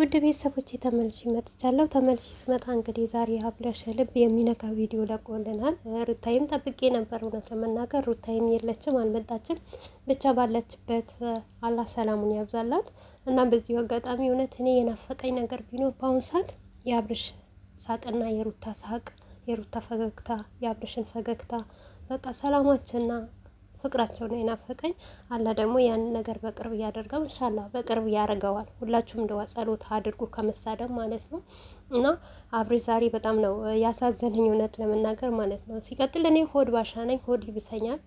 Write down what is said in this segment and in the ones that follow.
ውድ ቤተሰቦች ተመልሼ መጥቻለሁ። ተመልሼ ስመጣ እንግዲህ ዛሬ ሀብለሽ ልብ የሚነካ ቪዲዮ ለቆልናል። ሩታይም ጠብቄ ነበር፣ እውነት ለመናገር ሩታይም የለችም፣ አልመጣችም። ብቻ ባለችበት አላህ ሰላሙን ያብዛላት እና በዚሁ አጋጣሚ እውነት እኔ የናፈቀኝ ነገር ቢኖር በአሁኑ ሰዓት የአብርሽ ሳቅና የሩታ ሳቅ፣ የሩታ ፈገግታ፣ የአብርሽን ፈገግታ በቃ ሰላማችንና ፍቅራቸው ነው የናፈቀኝ። አላ ደግሞ ያንን ነገር በቅርብ እያደርገው እንሻላ በቅርብ ያደርገዋል። ሁላችሁም እንደዋ ጸሎት አድርጉ ከመሳደብ ማለት ነው። እና አብሬ ዛሬ በጣም ነው ያሳዘነኝ እውነት ለመናገር ማለት ነው። ሲቀጥል እኔ ሆድ ባሻ ነኝ፣ ሆድ ይብሰኛል።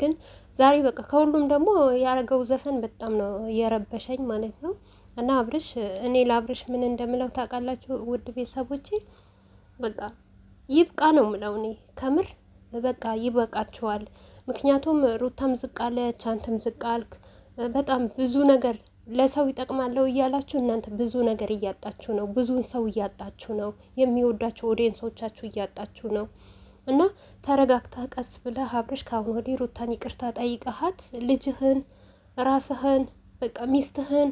ግን ዛሬ በቃ ከሁሉም ደግሞ ያደረገው ዘፈን በጣም ነው የረበሸኝ ማለት ነው። እና አብርሽ እኔ ለአብርሽ ምን እንደምለው ታውቃላችሁ ውድ ቤተሰቦቼ፣ በቃ ይብቃ ነው ምለው እኔ ከምር በቃ ይበቃችኋል። ምክንያቱም ሩታም ዝቅ አለች፣ አንተም ዝቅ አልክ። በጣም ብዙ ነገር ለሰው ይጠቅማለሁ እያላችሁ እናንተ ብዙ ነገር እያጣችሁ ነው። ብዙን ሰው እያጣችሁ ነው። የሚወዳቸው ኦዲየንሶቻችሁ እያጣችሁ ነው። እና ተረጋግታ ቀስ ብለህ አብረሽ ከአሁን ወዲህ ሩታን ይቅርታ ጠይቀሃት ልጅህን፣ ራስህን፣ በቃ ሚስትህን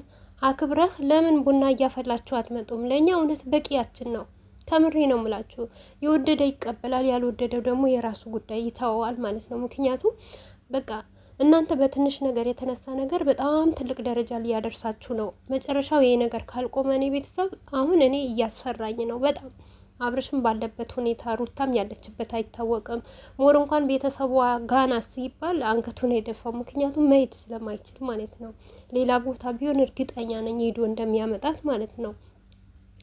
አክብረህ ለምን ቡና እያፈላችሁ አትመጡም? ለእኛ እውነት በቂያችን ነው። ከምሬ ነው የምላችሁ። የወደደ ይቀበላል፣ ያልወደደው ደግሞ የራሱ ጉዳይ ይተወዋል ማለት ነው። ምክንያቱም በቃ እናንተ በትንሽ ነገር የተነሳ ነገር በጣም ትልቅ ደረጃ ሊያደርሳችሁ ነው። መጨረሻው ይሄ ነገር ካልቆመ እኔ ቤተሰብ አሁን እኔ እያስፈራኝ ነው በጣም አብርሽም ባለበት ሁኔታ ሩታም ያለችበት አይታወቅም። ሞር እንኳን ቤተሰቧ ጋና ሲባል አንገቱን የደፋው ምክንያቱም መሄድ ስለማይችል ማለት ነው። ሌላ ቦታ ቢሆን እርግጠኛ ነኝ ሄዶ እንደሚያመጣት ማለት ነው።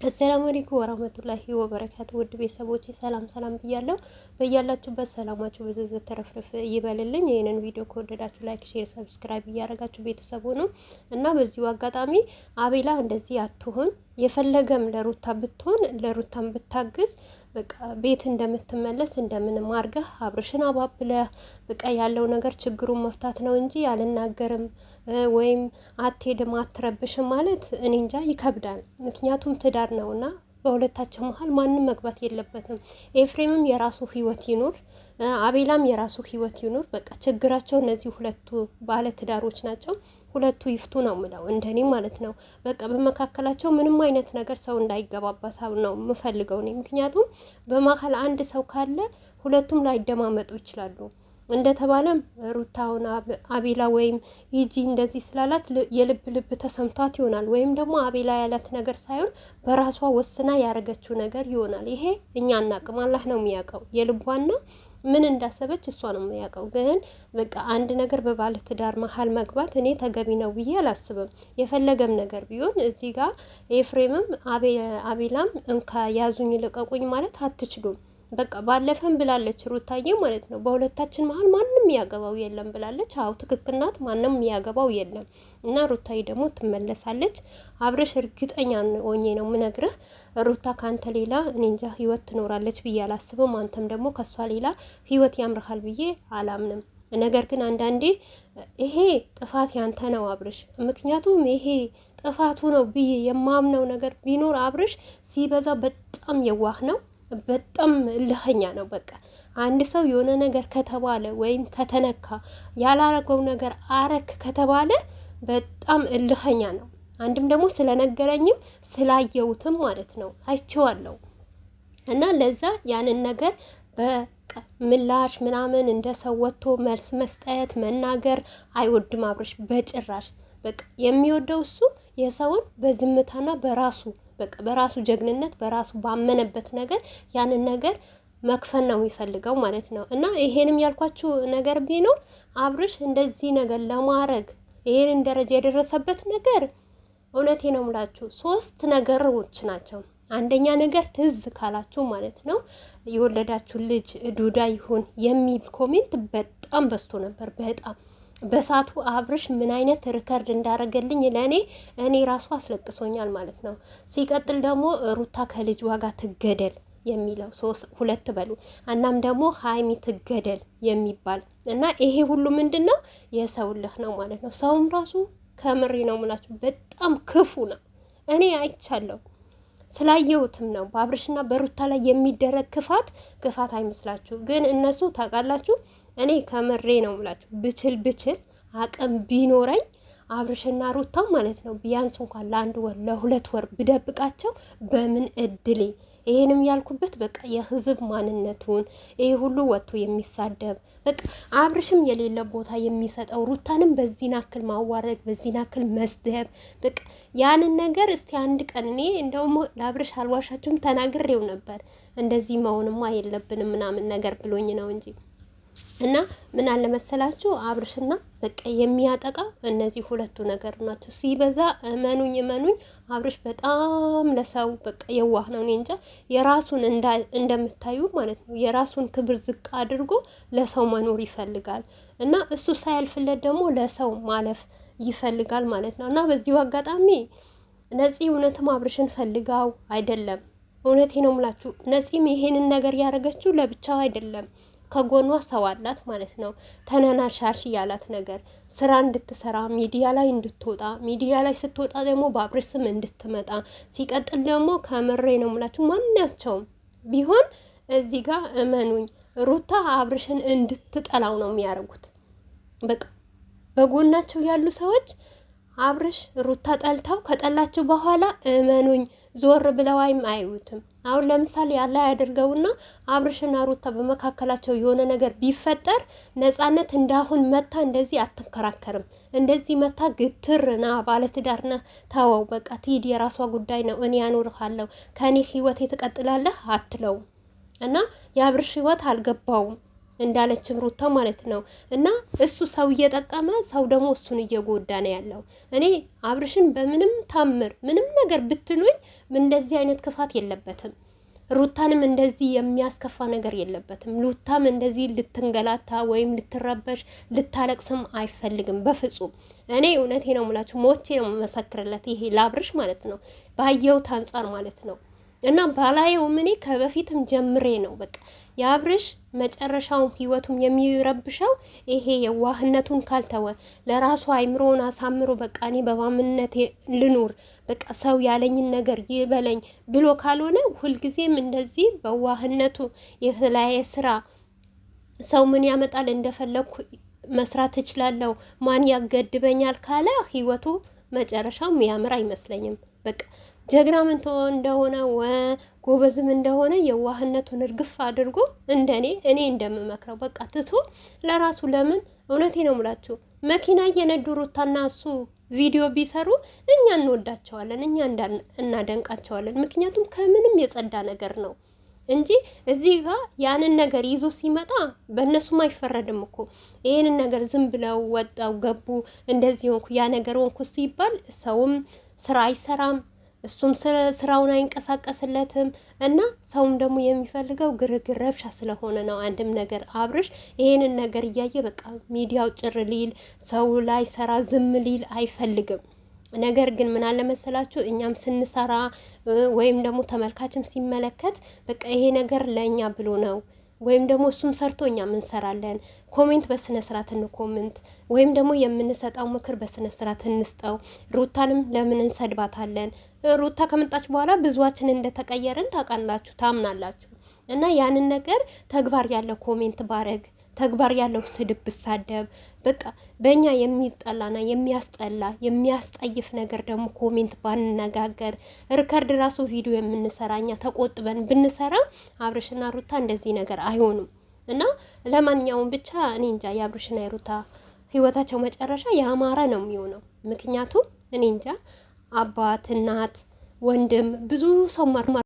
አሰላሙ አለይኩም ወራህመቱላሂ ወበረካቱ ውድ ቤተሰቦች ሰላም ሰላም ብያለሁ። በያላችሁበት ሰላማችሁ ብዝዝት ተረፍርፍ ይበልልኝ። ይህንን ቪዲዮ ከወደዳችሁ ላይክ፣ ሼር፣ ሰብስክራይብ እያደረጋችሁ ቤተሰቡ ነው እና በዚሁ አጋጣሚ አቤላ እንደዚህ አትሆን የፈለገም ለሩታ ብትሆን ለሩታም ብታግዝ በቃ ቤት እንደምትመለስ እንደምንም አድርገህ አብርሽን አባብለህ በቃ ያለው ነገር ችግሩን መፍታት ነው እንጂ አልናገርም ወይም አትሄድም አትረብሽም ማለት እኔ እንጃ ይከብዳል። ምክንያቱም ትዳር ነውና በሁለታቸው መሀል ማንም መግባት የለበትም። ኤፍሬምም የራሱ ህይወት ይኑር፣ አቤላም የራሱ ህይወት ይኑር። በቃ ችግራቸው እነዚህ ሁለቱ ባለ ትዳሮች ናቸው። ሁለቱ ይፍቱ ነው ምለው፣ እንደኔ ማለት ነው። በቃ በመካከላቸው ምንም አይነት ነገር ሰው እንዳይገባባ ነው የምፈልገው እኔ። ምክንያቱም በመሀል አንድ ሰው ካለ ሁለቱም ላይደማመጡ ይችላሉ። እንደተባለም ሩታውን አቤላ ወይም ይጂ እንደዚህ ስላላት የልብ ልብ ተሰምቷት ይሆናል። ወይም ደግሞ አቤላ ያላት ነገር ሳይሆን በራሷ ወስና ያደረገችው ነገር ይሆናል። ይሄ እኛ እናቅም፣ አላህ ነው የሚያውቀው የልቧና ምን እንዳሰበች እሷ ነው የሚያውቀው። ግን በቃ አንድ ነገር በባለ ትዳር መሀል መግባት እኔ ተገቢ ነው ብዬ አላስብም። የፈለገም ነገር ቢሆን እዚህ ጋር ኤፍሬምም አቤላም እንካ ያዙኝ ልቀቁኝ ማለት አትችሉም። በቃ ባለፈም ብላለች ሩታዬ ማለት ነው። በሁለታችን መሀል ማንም ያገባው የለም ብላለች። አዎ ትክክል ናት። ማንም ያገባው የለም እና ሩታዬ ደግሞ ትመለሳለች። አብረሽ እርግጠኛ ሆኜ ነው ምነግርህ። ሩታ ከአንተ ሌላ እኔ እንጃ ህይወት ትኖራለች ብዬ አላስብም። አንተም ደግሞ ከሷ ሌላ ህይወት ያምርሃል ብዬ አላምንም። ነገር ግን አንዳንዴ ይሄ ጥፋት ያንተ ነው አብርሽ። ምክንያቱም ይሄ ጥፋቱ ነው ብዬ የማምነው ነገር ቢኖር አብርሽ ሲበዛ በጣም የዋህ ነው። በጣም ልኸኛ ነው። በቃ አንድ ሰው የሆነ ነገር ከተባለ ወይም ከተነካ ያላረገው ነገር አረክ ከተባለ በጣም እልኸኛ ነው። አንድም ደግሞ ስለነገረኝም ስላየውትም ማለት ነው አይቼዋለሁ። እና ለዛ ያንን ነገር በምላሽ ምላሽ ምናምን እንደ ሰው ወጥቶ መልስ መስጠት መናገር አይወድም አብርሽ በጭራሽ። በቃ የሚወደው እሱ የሰውን በዝምታና በራሱ በቃ በራሱ ጀግንነት በራሱ ባመነበት ነገር ያንን ነገር መክፈን ነው የሚፈልገው ማለት ነው። እና ይሄንም ያልኳችሁ ነገር ቢኖር አብርሽ እንደዚህ ነገር ለማድረግ ይሄንን ደረጃ የደረሰበት ነገር እውነቴ ነው ምላችሁ ሶስት ነገሮች ናቸው። አንደኛ ነገር ትዝ ካላችሁ ማለት ነው የወለዳችሁ ልጅ ዱዳ ይሁን የሚል ኮሜንት በጣም በዝቶ ነበር በጣም በሳቱ አብርሽ ምን አይነት ሪከርድ እንዳረገልኝ ለእኔ እኔ ራሱ አስለቅሶኛል ማለት ነው። ሲቀጥል ደግሞ ሩታ ከልጅ ዋጋ ትገደል የሚለው ሶስት ሁለት በሉ እናም ደግሞ ሀይሚ ትገደል የሚባል እና ይሄ ሁሉ ምንድን ነው የሰው ልህ ነው ማለት ነው። ሰውም ራሱ ከምሪ ነው ምላችሁ በጣም ክፉ ነው። እኔ አይቻለሁ ስላየሁትም ነው በአብርሽና በሩታ ላይ የሚደረግ ክፋት ክፋት አይመስላችሁ ግን እነሱ ታውቃላችሁ እኔ ከምሬ ነው የምላችሁ ብችል ብችል አቅም ቢኖረኝ አብርሽና ሩታው ማለት ነው ቢያንስ እንኳን ለአንድ ወር ለሁለት ወር ብደብቃቸው በምን እድሌ። ይሄንም ያልኩበት በቃ የህዝብ ማንነቱን ይሄ ሁሉ ወጥቶ የሚሳደብ በቃ አብርሽም የሌለ ቦታ የሚሰጠው ሩታንም በዚህ ናክል ማዋረድ፣ በዚህ ናክል መስደብ በቃ ያንን ነገር እስቲ አንድ ቀን እኔ እንደውም ለአብርሽ አልዋሻችሁም ተናግሬው ነበር እንደዚህ መሆንማ የለብንም ምናምን ነገር ብሎኝ ነው እንጂ እና ምን አለ መሰላችሁ አብርሽና በቃ የሚያጠቃ እነዚህ ሁለቱ ነገር ናቸው። ሲበዛ እመኑኝ እመኑኝ አብርሽ በጣም ለሰው በቃ የዋህ ነው። እኔ እንጃ የራሱን እንደምታዩ ማለት ነው የራሱን ክብር ዝቅ አድርጎ ለሰው መኖር ይፈልጋል እና እሱ ሳያልፍለት ደግሞ ለሰው ማለፍ ይፈልጋል ማለት ነው እና በዚሁ አጋጣሚ ነፂ እውነትም አብርሽን ፈልጋው አይደለም። እውነቴ ነው የምላችሁ ነፂም ይሄንን ነገር ያደረገችው ለብቻው አይደለም ከጎኗ ሰው አላት ማለት ነው። ተነናሻሽ ያላት ነገር ስራ እንድትሰራ ሚዲያ ላይ እንድትወጣ ሚዲያ ላይ ስትወጣ ደግሞ በአብር ስም እንድትመጣ ሲቀጥል ደግሞ ከምሬ ነው የምላችሁ ማናቸውም ቢሆን እዚህ ጋር እመኑኝ ሩታ አብርሽን እንድትጠላው ነው የሚያደርጉት። በቃ በጎናቸው ያሉ ሰዎች አብርሽ ሩታ ጠልታው ከጠላችሁ በኋላ እመኑኝ ዞር ብለዋይም አይዩትም። አሁን ለምሳሌ ያለ ያደርገውና አብርሽና ሩታ በመካከላቸው የሆነ ነገር ቢፈጠር ነጻነት እንዳሁን መታ እንደዚህ አትከራከርም። እንደዚህ መታ ግትር ና ግትርና ባለትዳርና ተወው በቃ ትሂድ፣ የራሷ ጉዳይ ነው፣ እኔ ያኖርሃለሁ፣ ከእኔ ህይወት ትቀጥላለህ አትለውም። እና የአብርሽ ህይወት አልገባውም እንዳለችም ሩታ ማለት ነው። እና እሱ ሰው እየጠቀመ ሰው ደግሞ እሱን እየጎዳ ነው ያለው። እኔ አብርሽን በምንም ታምር ምንም ነገር ብትሉኝ እንደዚህ አይነት ክፋት የለበትም። ሩታንም እንደዚህ የሚያስከፋ ነገር የለበትም። ሩታም እንደዚህ ልትንገላታ ወይም ልትረበሽ ልታለቅስም አይፈልግም በፍጹም። እኔ እውነቴ ነው የምላችሁ ሞቼ ነው መሰክርለት ይሄ ለአብርሽ ማለት ነው ባየሁት አንጻር ማለት ነው። እና ባላየውም እኔ ከበፊትም ጀምሬ ነው በቃ የአብርሽ መጨረሻውም ህይወቱም የሚረብሸው ይሄ የዋህነቱን ካልተወ ለራሱ አይምሮን አሳምሮ በቃ እኔ በማምነት ልኑር በቃ ሰው ያለኝን ነገር ይበለኝ ብሎ ካልሆነ ሁልጊዜም እንደዚህ በዋህነቱ የተለያየ ስራ ሰው ምን ያመጣል እንደፈለግኩ መስራት እችላለሁ ማን ያገድበኛል ካለ ህይወቱ መጨረሻው የሚያምር አይመስለኝም በቃ ጀግና ምንቶ እንደሆነ ጎበዝም እንደሆነ የዋህነቱን እርግፍ አድርጎ እንደኔ እኔ እንደምመክረው በቃ ትቶ ለራሱ ለምን እውነቴ ነው ምላችሁ መኪና እየነዱ ሩታና እሱ ቪዲዮ ቢሰሩ እኛ እንወዳቸዋለን፣ እኛ እናደንቃቸዋለን። ምክንያቱም ከምንም የጸዳ ነገር ነው እንጂ እዚህ ጋር ያንን ነገር ይዞ ሲመጣ በእነሱም አይፈረድም እኮ ይህንን ነገር ዝም ብለው ወጣው ገቡ እንደዚህ ሆንኩ ያ ነገር ሆንኩ ሲባል ሰውም ስራ አይሰራም እሱም ስራውን አይንቀሳቀስለትም እና ሰውም ደግሞ የሚፈልገው ግርግር ረብሻ ስለሆነ ነው። አንድም ነገር አብርሽ ይሄንን ነገር እያየ በቃ ሚዲያው ጭር ሊል ሰው ላይ ሰራ ዝም ሊል አይፈልግም። ነገር ግን ምን አለ መሰላችሁ እኛም ስንሰራ ወይም ደግሞ ተመልካችም ሲመለከት በቃ ይሄ ነገር ለእኛ ብሎ ነው ወይም ደግሞ እሱም ሰርቶ እኛ እንሰራለን። ኮሜንት በስነ ስርዓት እንኮሜንት፣ ወይም ደግሞ የምንሰጠው ምክር በስነ ስርዓት እንስጠው። ሩታንም ለምን እንሰድባታለን? ሩታ ከመጣች በኋላ ብዙዋችን እንደተቀየርን ታውቃላችሁ፣ ታምናላችሁ። እና ያንን ነገር ተግባር ያለ ኮሜንት ባረግ ተግባር ያለው ስድብ ብሳደብ በቃ በእኛ የሚጠላና የሚያስጠላ የሚያስጠይፍ ነገር ደግሞ ኮሜንት ባንነጋገር፣ ሪከርድ ራሱ ቪዲዮ የምንሰራ እኛ ተቆጥበን ብንሰራ አብርሽና ሩታ እንደዚህ ነገር አይሆኑም። እና ለማንኛውም ብቻ እኔ እንጃ የአብርሽና የሩታ ህይወታቸው መጨረሻ ያማረ ነው የሚሆነው። ምክንያቱም እኔ እንጃ አባት እናት ወንድም ብዙ ሰው